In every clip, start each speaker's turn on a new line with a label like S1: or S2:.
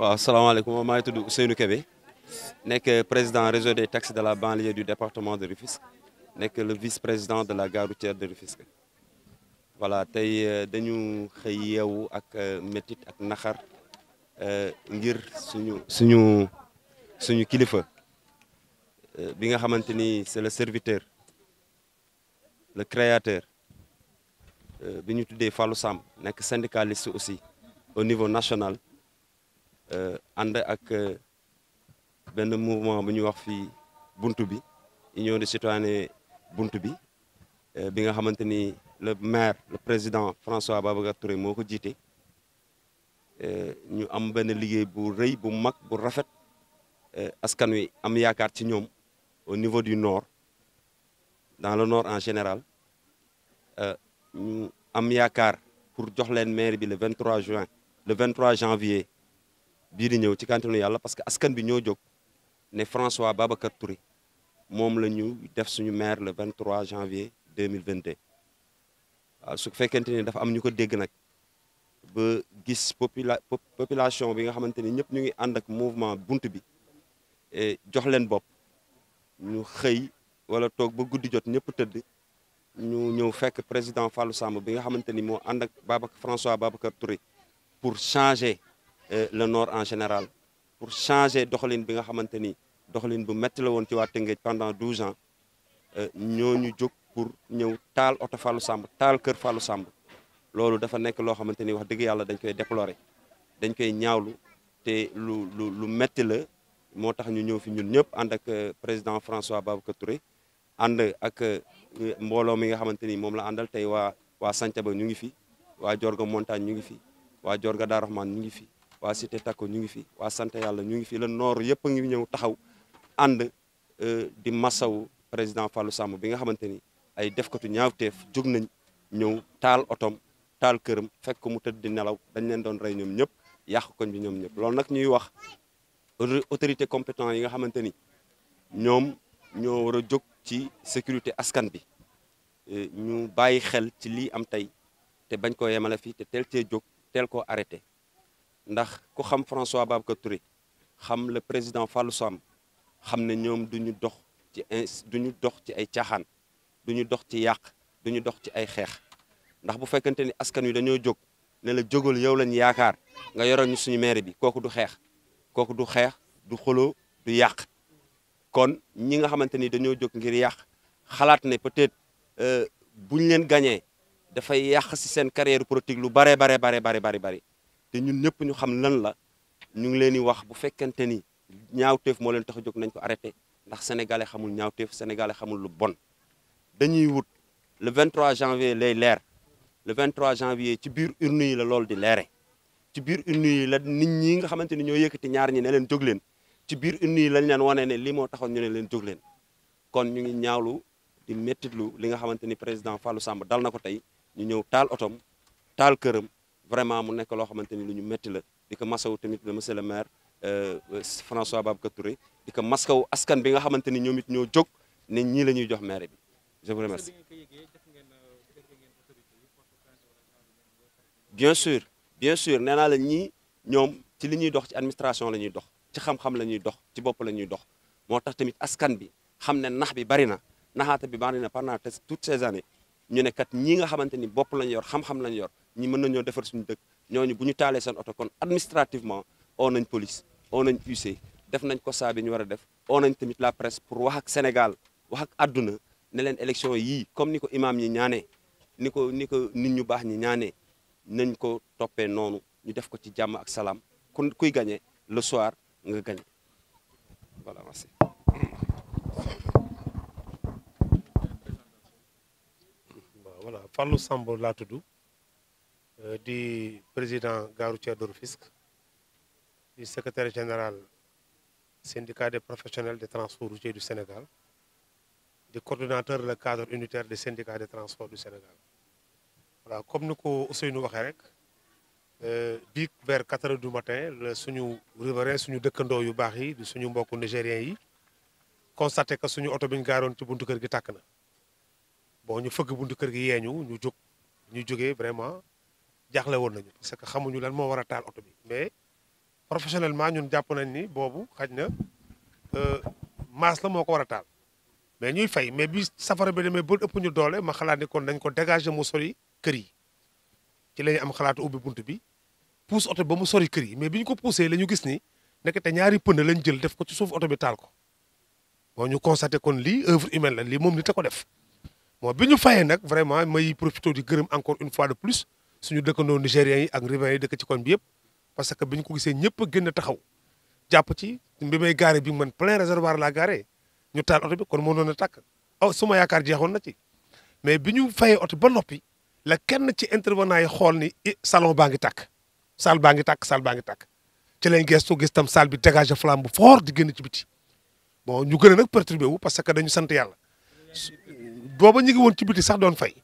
S1: waaw salaamaaleykum maa ngi tudd Ousseynou Kébé nekk président réseau des taxis de la banlieue du département de Rufisque nekk le vice-président de la gare de Rufisque voilà tey euh, dañu xëy yeewu ak euh, métit ak naxar euh, ngir suñu suñu suñu kilifa bi nga xamante ni c'est le serviteur le créateur bi ñu tuddee Fallou Samb nekk syndicaliste aussi au niveau national Euh, ànd ak euh, benn mouvement bu ñuy wax fii buntu bi union des citoyens buntu bi euh, bi nga xamante ni le maire le président François Babacar Touré moo ko jiite ñu am benn liggéey bu rëy bu mag bu rafet askan wi am yaakaar ci ñoom au niveau du nord dans le nord en général ñu am yaakaar pour jox leen maire bi le 23 juin le 23 janvier bii di ñëw ci kàttanu yàlla parce que askan bi ñoo jóg ne François Babacar Touré moom la ñu def suñu maire le 23 janvier 2022 waaw su fekkente ni dafa am ñu ko dégg nag ba gis popula population bi nga xamante ni ñëpp ñu ngi ànd ak mouvement bunt bi eh, jox leen bopp ñu xëy wala toog ba guddi jot ñëpp tëdd ñu ñëw fekk président Fallou Samb bi nga xamante ni moo ànd ak Babacar François Babacar Touré pour changer Euh, le nord en général pour changer doxalin bi nga xamante ni doxalin bu métti la woon ci waa Tëngéej pendant douze ans euh, ñu jóg pour ñëw taal oto Fallou Samb taal kër Fallou sàmb loolu dafa nekk loo xamante ni wax dëgg yàlla dañ koy déplorer dañ koy ñaawlu te lu lu métti la moo tax ñu ñëw fi ñun ñëpp ànd ak euh, président François Babacar Touré ànd ak mbooloo mi nga xamante ni moom la àndal tey waa waa Santhiaba ñu ngi fi waa joor Diorga Montagne ñu ngi fi waa joor ga Rahmane ñu ngi fi waa Cité Takko ñu ngi fi waa sant yàlla ñu ngi fi la noor yëpp a ngi ñëw taxaw ànd euh, di masawu président Fallou Samb bi nga xamante ni ay defkatu ñaawteef jóg nañ ñëw taal otom taal këram fekk ko mu tëdd di nelaw dañ leen doon rey ñoom ñëpp yàq koñ bi ñoom ñëpp loolu nag ñuy wax autorité compétent yi nga xamante ni ñoom ñoo war a jóg ci sécurité askan bi euh, ñu bàyyi xel ci lii am tey te bañ koo yemale fii te teel cee jóg teel koo arrêté ndax ku xam François Babacar Touré xam la président Fallou Sam xam ne ñoom duñu dox ci duñu dox ci ay caaxaan duñu dox ci yàq duñu dox ci ay xeex ndax bu fekkente ni askan wi dañoo jóg ne la jógal yow lañ yaakaar nga yoroon ñu suñu maire bi kooku du xeex kooku du xeex du xoloo du yàq kon ñi nga xamante ni dañoo jóg ngir yàq xalaat ne peut-être euh, buñ leen gañee dafay yàq si seen carrière politique lu bare bare bare bare bare te ñun ñëpp ñu xam lan la ñu ngi leen di wax bu fekkente ni ñaawteef moo leen tax a nañ ko arrêté ndax sénégalais xamul ñaawteef sénégalais xamul lu bon dañuy wut le 23 janvier lay leer le 23 janvier ci biir urne yi la loolu di leere ci biir urne yi la nit ñi nga xamante ni ñoo yëkkati ñaar ñi ne leen jóg leen ci biir urne yi lañ leen wane ne lii moo taxoon ñu ne leen jóg leen kon ñu ngi ñaawlu di mettitlu li nga xamante ni président Fallou Samb dal na ko tey ñu ñëw taal otom taal këram vraiment mu nekk loo xamante ni lu ñu métti la di ko masawu tamit le monsieur le maire euh, François Babacar Touré di ko masawu askan bi nga xamante ni ñoom it ñoo jog ne ñii la ñuy jox maire bi je vous remercie. bien sûr bien sûr nee naa la ñii ñoom ci li ñuy dox ci administration la ñuy dox ci xam-xam la ñuy dox ci bopp la ñuy dox moo tax tamit askan bi xam ne nax bi bari na naxaata bi bari na pendant toutes ces années ñu ne kat ñi nga xamante ni bopp lañu yor xam-xam lañu yor. ñi mën nañoo defar suñu dëkk ñooñu bu ñu taalee seen oto kon administrativement oo nañ police oo nañ UC def nañ ko saa bi ñu war a def oo nañ tamit la presse pour wax ak Sénégal wax ak àdduna ne leen élection yii comme ni ko imaam ñi ñaanee ni ko ni ko nit ñu baax ñi ñaane nañ ko toppee noonu ñu def ko ci jàmm ak salaam ku kuy gañe le soir nga gagné voilà merci. voilà Fallou laa
S2: tudd. Euh, di président gare routière de Rufisque di secrétaire général syndicat des professionnels des transports routiers du Sénégal di coordonnateur la cadre unitaire de syndicats des transports du Sénégal voilà comme ni ko Ousseynou waxee rek euh, bii vers quatre heures du matin la suñu riverain suñu dëkkandoo yu baax yi di suñu mbokku nigériens yi constaté que suñu oto biñ ñu gaaroon ci buntu kër gi tàkk na bon ñu fëgg buntu kër gi yeeñu ñu jóg ñu jógee vraiment jaaxle woon nañu parce que xamuñu lan moo war a taal oto bi mais professionnellement ñun jàpp nañ ni boobu xaj na euh, masse la moo ko war a taal mais ñuy fay mais bi safara bi demee ba ëpp ñu doole ma xalaat ni kon dañ ko dégager mu sori kër yi ci la am xalaatu ubbi bunt bi pousse oto ba mu sori kër yi mais bi ñu ko poussé la ñu gis ni nekk te ñaari pënd lañ jël def ko ci suuf oto bi taal ko bon ñu constaté kon lii œuvre humaine la lii moom nit a ko def moo bi ñu fayee nag vraiment may profité di gërëm encore une fois de plus suñu dëkkandoo nigériens yi ak riverains yi dëkk ci koñ bi yëpp parce que bi ñu ko gisee ñëpp a génn taxaw jàpp ci bi may gaare bi man plein réservoir la gaare ñu taal oto bi kon moo doon takk tàkk aw oh, suma yaakaar jeexoon na ci mais bi ñu fayee oto ba noppi la kenn ci intervenant yi xool ni salon baa ngi tàkk salle baa ngi tàkk salle baa ngi tàkk ci lañ gestu gis tam salle bi dégagé flamme bu fort di génn ci biti bon ñu gën a nag perturbé parce que dañu sant yàlla booba ñu ngi woon ci biti sax doon fay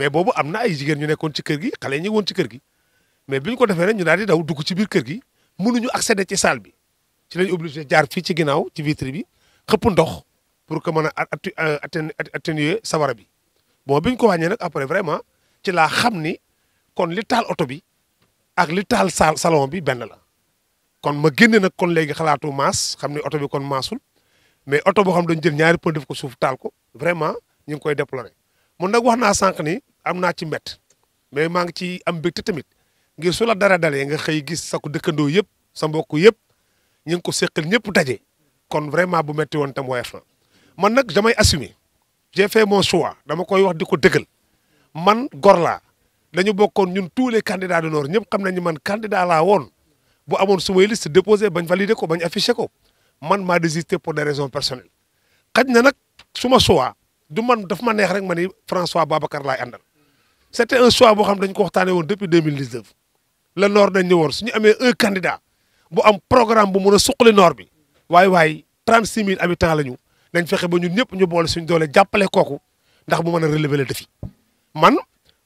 S2: mais boobu am na ay jigéen ñu nekkoon ci kër gi xale yi ñu woon ci kër gi mais bi ñu ko defee rek ñu daal di daw dugg ci kër gi mënuñu accéder ci salle bi ci lañ jaar fii ci ginnaaw ci vitre bi xëpp ndox pour que mën a euh, atténuer sawara bi bon bi ñu ko wàññee nag après vraiment ci laa xam ni kon li taal oto bi ak li taal sa salon bi benn la kon ma génne nag kon léegi xalaatu maas xam ni oto bi kon maasul mais oto boo xam dañu jël ñaari pën def ko suuf taal ko vraiment ñu ngi koy déplorer mun nag wax naa sànq ni am naa ci mbett mais maa ngi ci am mbégte tamit ngir su la dara dalee nga xëy gis sa dëkkandoo yëpp sa mbokk yëpp ñu ngi ko séqal ñëpp daje kon vraiment bu metti woon tam woyof na man nag damay assumer j'ai fait mon choix dama koy wax di ko dëggal man gor laa dañu bokkoon ñun tous les candidats de nord ñëpp xam nañu man candidat laa woon bu amoon su may liste déposé bañ validé ko bañ affiché ko man maa désisté pour des raisons personnelles xaj na nag suma ma choix du man daf ma neex rek ma ni François Babacar laay àndal c'était un choix boo xam dañ ko waxtaanee woon depuis 2019 le nord dañ ne woon su ñu amee un candidat bu am programme bu mun a suqali nord bi waaye waaye 36 000 habitants la ñu dañ fexe ba ñun ñëpp ñu boole suñ doole jàppale kooku ndax mu mën a relever le défi man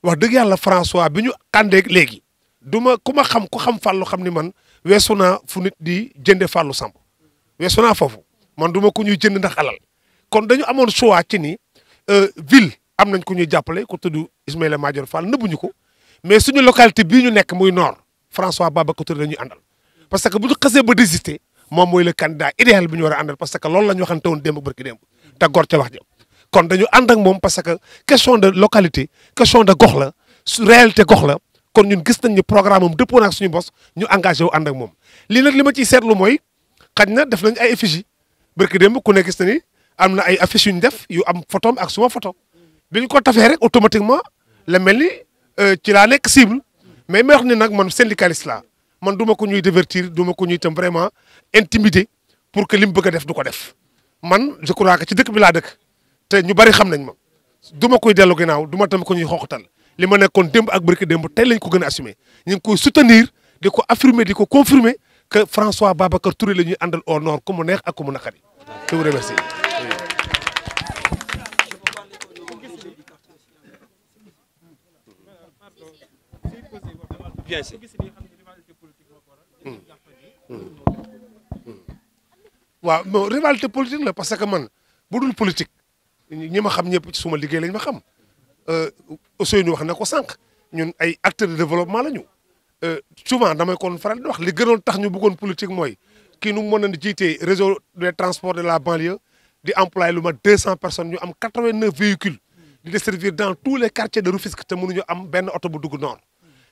S2: wax dëgg yàlla François bi ñu àndee léegi du ma ku ma xam ku xam fàllu xam ni man weesu naa fu nit di jënde fàllu samp weesu naa foofu man du ma ku ñuy jënd ndax alal kon dañu amoon choix ci ni euh, ville am nañ ko ñuy jàppale ku tudd Ismaïla Madior Fall nëbbuñu ko mais suñu localité bii ñu nekk muy nord François Babacar Touré ñu àndal parce que bu ñu xasee ba désister moom mooy le candidat idéal bi ñu war a àndal parce que loolu la ñu waxante woon démb barki démb te gor wax ja kon dañu ànd ak moom parce que question de localité question de gox la su réalité gox la kon ñun gis nañ ni programme am dëppoo na ak suñu bos ñu engagé wu ànd ak moom. lii nag li ma ciy seetlu mooy xaj na def nañ ay affiches yi barki démb ku ne gis am na ay affiches yu ñu def yu am photo ak suma photo bi ñu ko tafee rek automatiquement la mel ni euh, ci laa nekk cible mais may wax ne nag man syndicaliste laa man du ma ko ñuy divertir du ma ko ñuy itam vraiment intimider pour que li mu bëgg a def du ko def man je crois que ci dëkk bi laa dëkk te ñu bari xam nañ ma du ma koy dellu ginnaaw du ma tam ko ñuy xooxatal li ma nekkoon démb ak barki demb tey lañ ko gën a assumer ñu ngi koy soutenir di ko affirmer di ko confirmer que François Babacar Touré la ñuy àndal au nord ko mu neex ak ku mu naqari je vous bien si. waaw non rivalité politique la parce que man bu dul politique ñi ma xam ñëpp ci suma liggéey lañ ma xam euh, Ousseynou wax na ko sànq ñun ay acteurs de développement la ñu. Euh, souvent damay kon faral di wax li gënoon tax ñu bëggoon politique mooy kii nu mu mën a jiitee réseau des transports de la banlieue di employé lu ma 200 personnes ñu am 89 véhicules di desservir dans tous les quartiers de Rufisque te mënuñu am benn oto bu dugg noonu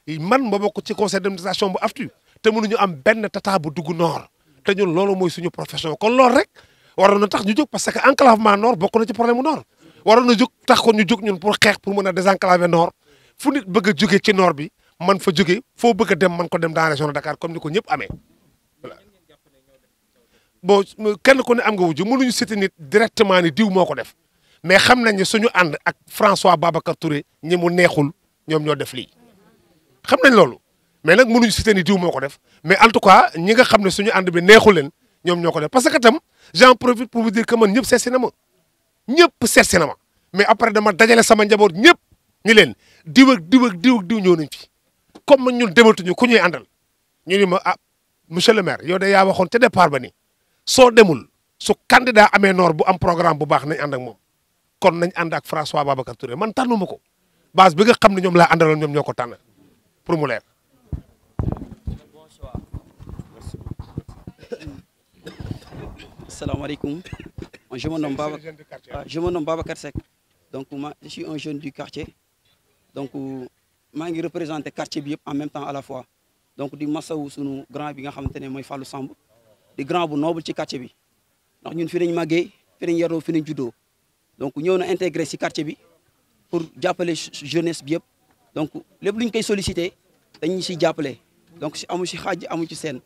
S2: man ma bokk ci conseil d'administration bu AFTU te mënuñu am benn tataabu dugg noor te ñun loolu mooy suñu profession kon lool rek waroon na tax ñu jóg parce que enclavement nord bokk na ci problème mu nord waroon na jóg tax kon ñu jóg ñun pour xeex pour mën a désenclaver nord fu nit bëgg a jóge ci noor bi man fa jóge foo bëgg dem man ko dem dans région de Dakar comme ni ko ñëpp amee voilà kenn ku ne am nga wujju mënuñu cité nit directement ni diw moo ko def mais xam nañ ne suñu ànd ak François Babacar Touré ñi mu neexul ñoom ñoo def lii xam nañ loolu mais nag mënuñu citer ni diw moo ko def mais en tout cas ñi nga xam ne suñu ànd bi neexu leen ñoom ñoo ko def parce que tam j'en profite pour vous dire que man ñëpp seet si na ma ñëpp seet na ma mais après dama dajale sama njaboot ñëpp ñu leen diw ak diw ak diw ak diw ñëw nañ fi comme ñun dematuñu ku ñuy àndal ñu ni ma ah monsieur le maire yow de yaa waxoon te départ ba ni soo demul su candidat amee noor bu am programme bu baax nañ ànd ak moom kon nañ ànd ak François Babacar Touré man tànnu ma ko base bi nga xam ne ñoom laa àndaloon ñoom ñoo ko tànn pour mu leer.
S3: asalaamaaleykum je me nomme Baba ah, je me donc ma je suis un jeune du quartier donc euh, maa ngi représenté quartier bi yëpp en même temps à la fois donc di masawu sunu grand bi nga xamante ne mooy Fallou Samb di grand bu noble ci quartier bi ndax ñun fi nañ màggee fi nañ yaroo fi nañ juddoo donc ñëw na intégré si quartier bi pour jàppale jeunesse bi yëpp donc lépp lu ñu koy sollicité dañu si jàppale donc si amu si xaaj amu ci seen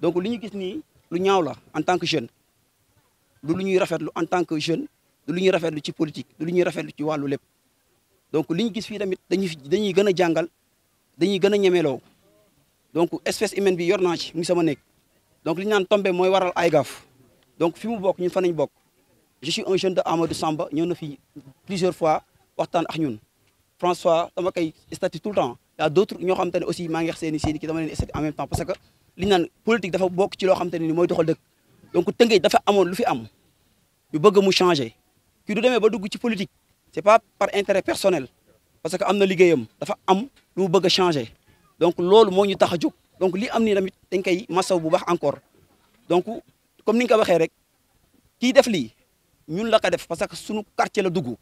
S3: donc li ñu gis nii lu ñaaw la en tant que jeune du lu ñuy rafetlu en tant que jeune du lu ñuy rafetlu ci politique du lu ñuy rafetlu ci wàllu lépp donc li ñu gis fii tamit dañuy dañuy gën a jàngal dañuy gën a ñemeloo donc espèce humaine bi yor naa ci ngi sama nekk donc li ñu naan tombé mooy waral ay gaf donc fi mu bokk ñu fa nañ bokk je suis un jeune de Amadou Samba ñëw na fi plusieurs fois waxtaan ak ñun François dama koy statut tout le temps y a d'autres ñoo xamante ne aussi maa ngi wax ki i seen i en même temps parce li ñu naan dafa bokk ci loo xamante ne ni mooy doxal dëkk donc Tëngéej dafa amoon lu fi am ñu bëgg mu changer kii du demee ba dugg ci politique c'est pas par intérêt personnel parce que am na liggéeyam dafa am lu mu bëgg a changer donc loolu moo ñu tax a jóg donc li am nii tamit dañ koy masaw bu baax encore donc comme ni nga ko waxee rek kii def lii ñun la ko def que suñu quartier la dugg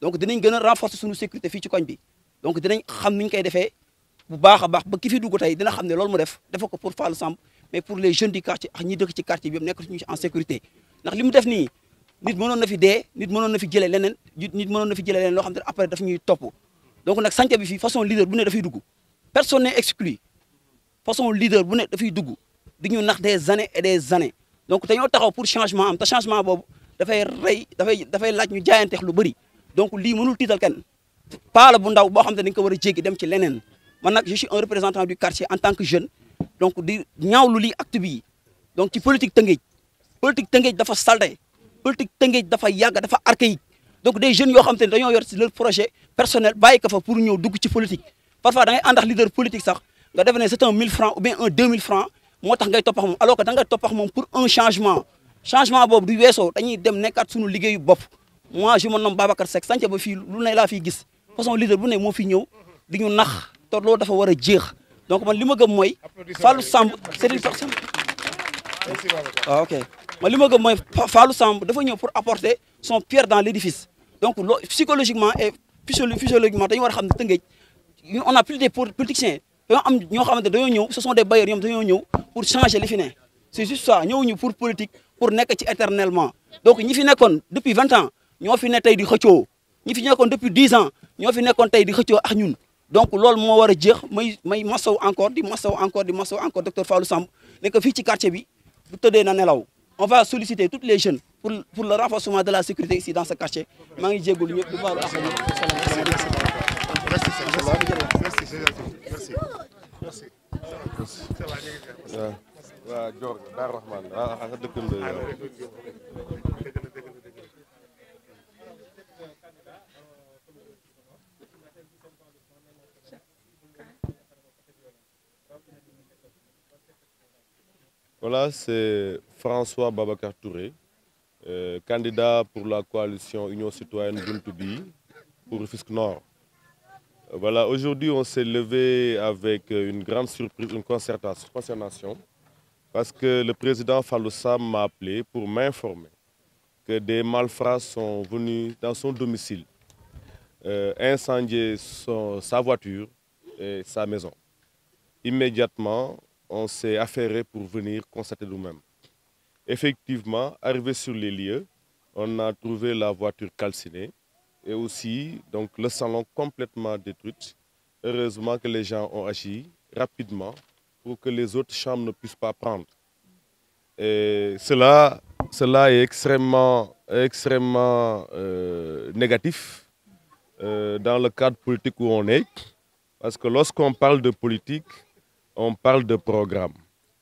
S3: donc dinañ gën a renforcer suñu sécurité fii ci koñ bi donc dinañ xam ni ñu defee bu baax a baax ba ki fi dugg tey dana xam ne loolu mu def dafa ko pour Fallou Samb mais pour les jeunes du quartier ak ñi dëkk ci quartier bi yëpp nekk nañu en sécurité ndax li def nii nit mënoon na fi dee nit mënoon na fi jëlee leneen nit mënoon na fi jëlee leneen loo xam ne après daf ñuy topp donc nag santé bi fii façon leader bu ne dafay dugg personne n'est exclu façon leader bu ne dafay dugg di ñu nax des années et des années donc dañoo taxaw pour changement am te boobu dafay rey dafay dafay laaj ñu jaayanteex lu bëri donc lii mënul tiital kenn pas la bu ndaw boo xam ne dañ ko war a jéggi dem ci leneen man nag je suis représentant du quartier en tan que jeune donc di ñaawlu lii acte bii ci politique Tëngéej politique Tëngéej dafa salté politique Tëngéej dafa yàgg dafa archaïque donc des jeunes yoo xam te ne dañoo yor si leur projet personnel bàyyi ko fa pour ñëw dugg ci politique parfois da ngay ànd ak leader politique sax nga def ne c'est un 1000 francs ou bien un 2000 francs moo tax ngay topp ak moom alors nga topp ak moom pour un changement changement boobu dañuy dem nekkaat suñu liggéeyu bopp moi je me nomme Babacar Seck sànq ba fii lu ne laa fiy gis façon leader bu ne moo fi ñëw di ñu nax te loolu dafa war a jeex donc man li ma gëm mooy. Fallou Samb c'est une personne. waaw ah, ok man li ma gëm mooy Fallou Samb dafa ñëw pour apporter son pierre dans l'édifice donc loo psychologiquement et physiologiquement dañu war a xam ne Tëngéej on a plus des politiciens dañoo am ñoo xamante dañoo ñëw ce sont des bailleurs ñoom dañoo ñëw pour changer li fi ne c'est juste ça ñëw ñu pour politique pour nekk ci éternellement donc ñi fi nekkoon depuis vingt ans. ñoo fi ne tey di xëccoo ñi fi nekkoon depuis dix ans ñoo fi nekkoon tey di xëccoo ak ñun donc lool moo war a jeex may may masaw encore di masaw encore di masaw encore docteur Fallou Samb ne fii ci quartier bi bu tëddee na nelaw on va solliciter toutes les jeunes pour pour le renforcement de la sécurité ici dans ce maa ngi jégalu ñëpp di baalu ak ñëpp.
S4: Voilà, c'est François Babacar Touré, euh, candidat pour la coalition Union citoyenne Buntubi pour Rufisque Nord. Voilà, aujourd'hui on s'est levé avec une grande surprise, une concertation, parce que le président Fallou Sam m'a appelé pour m'informer que des malfrats sont venus dans son domicile euh, incendier sa voiture et sa maison. Immédiatement, on s'est affairé pour venir constater nous-mêmes. Effectivement, arrivé sur les lieux, on a trouvé la voiture calcinée et aussi donc, le salon complètement détruit. Heureusement que les gens ont agi rapidement pour que les autres chambres ne puissent pas prendre. Et cela, cela est extrêmement, euh, négatif euh, dans le cadre politique où on est. Parce que lorsqu'on parle de politique, on parle de programme.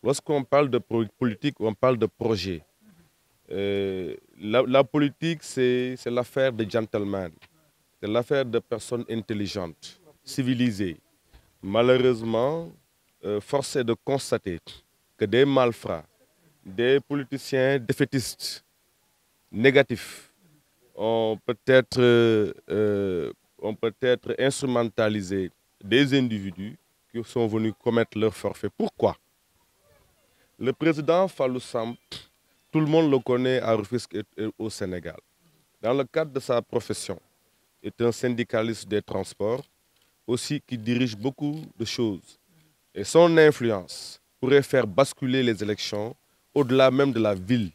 S4: Lorsqu'on parle de politique, on parle de projet. Euh, la, la, politique, c'est l'affaire des gentlemen, c'est l'affaire de personnes intelligentes, civilisées. Malheureusement, euh, force est de constater que des malfrats, des politiciens défaitistes, négatifs, ont peut-être euh, euh peut des individus qui sont venus commettre leur forfait. Pourquoi Le président Fallou Samb, tout le monde le connaît à Rufisque au Sénégal. Dans le cadre de sa profession, est un syndicaliste des transports, aussi qui dirige beaucoup de choses. Et son influence pourrait faire basculer les élections au-delà même de la ville,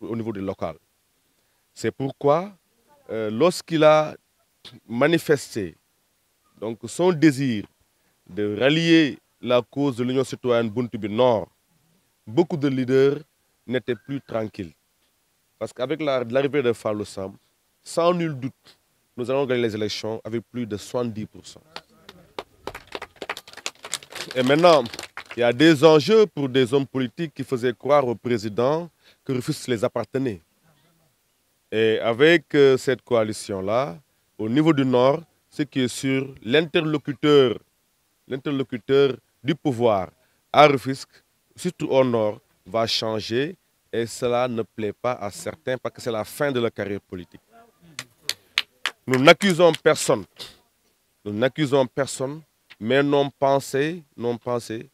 S4: au niveau du local. C'est pourquoi, euh, lorsqu'il a manifesté son désir de rallier la cause de l'Union citoyenne Buntubi Nord, beaucoup de leaders n'étaient plus tranquilles. Parce qu'avec l'arrivée de Fallou Sam, sans nul doute, nous allons gagner les élections avec plus de 70%. Et maintenant, il y a des enjeux pour des hommes politiques qui faisaient croire au président que Rufus les appartenait. Et avec euh, cette au niveau du Nord, ce qui l'interlocuteur du pouvoir à Rufisque, surtout au nord, va changer et cela ne plaît pas à certains parce que c'est la fin de la carrière politique. Nous n'accusons personne. Nous personne, mais nos pensées, non pensées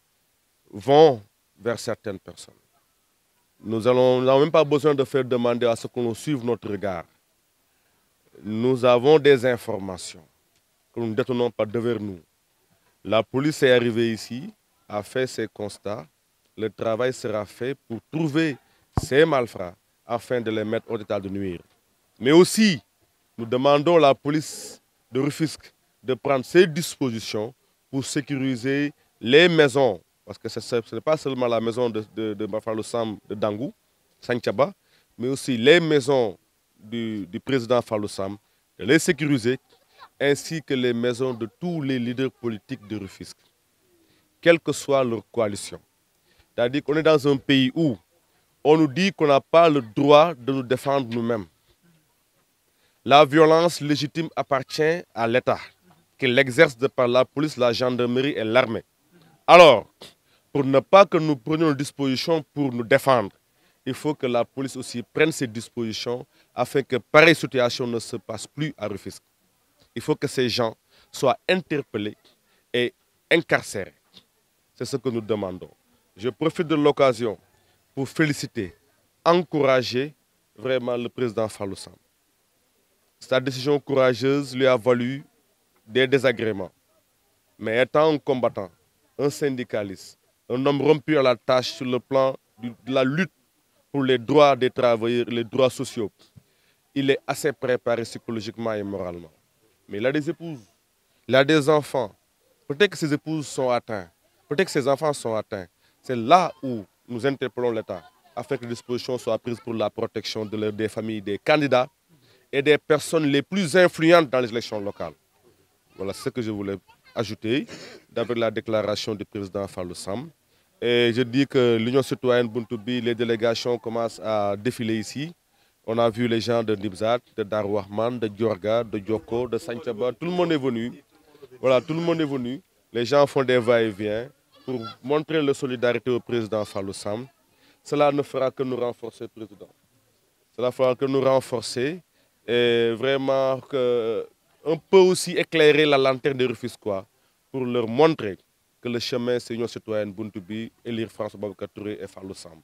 S4: vont vers certaines personnes. Nous n'avons nous même pas besoin de faire demander à ce qu'on nous suive notre regard. Nous avons des informations que nous ne détenons pas devers nous. La police est arrivée ici, a fait ses constats. Le travail sera fait pour trouver ces malfrats afin de les mettre au état de nuire. Mais aussi, nous demandons à la police de Rufisque de prendre ses dispositions pour sécuriser les maisons. Parce que ce n'est pas seulement la maison de, de, de Mafalo Sam Dangou, Sanchaba, mais aussi les maisons du, président Fallou Sam, de les sécuriser, ainsi que les maisons de tous les leaders politiques de Rufisque, quelle que soit leur coalition. C'est-à-dire qu'on est dans un pays où on nous dit qu'on n'a pas le droit de nous défendre nous-mêmes. La violence légitime appartient à l'État, qui l'exerce par la police, la gendarmerie et l'armée. Alors, pour ne pas que nous prenions nos dispositions pour nous défendre, il faut que la police aussi prenne ses dispositions afin que pareille situation ne se plus à il faut que ces gens soient interpellés et incarcérés. C'est ce que nous demandons. Je profite de l'occasion pour féliciter, encourager vraiment le président Falloussan. Sa décision courageuse lui a valu des désagréments. Mais étant un combattant, un syndicaliste, un homme rompu à la tâche sur le plan de la lutte pour les droits des travailleurs, les droits sociaux, il est assez préparé psychologiquement et moralement. mais il a des épouses, il a des enfants. Peut-être que ses épouses sont atteintes, peut-être que ses enfants sont atteints. C'est là où nous interpellons l'État afin que des dispositions soient prises pour la protection de leur, des familles des candidats et des personnes les plus influentes dans les élections locales. Voilà ce que je voulais ajouter d'après la déclaration du président Fallou Sam. Et je dis que l'Union citoyenne Buntubi, les délégations commencent à défiler ici. On a les gens de Nibzat, de Darwahman, de Djorga, de Djoko, de Sanchaba. Tout le monde est venu. Voilà, tout le monde est venu. Les gens font des va-et-vient pour montrer leur solidarité au président Fallou Sam. Cela ne fera que nous renforcer, président. Cela fera que nous renforcer et vraiment que un peu aussi éclairer la lanterne des quoi pour leur montrer que le chemin, c'est l'Union citoyenne Buntubi, élire François Babacar Touré et Fallou Sam.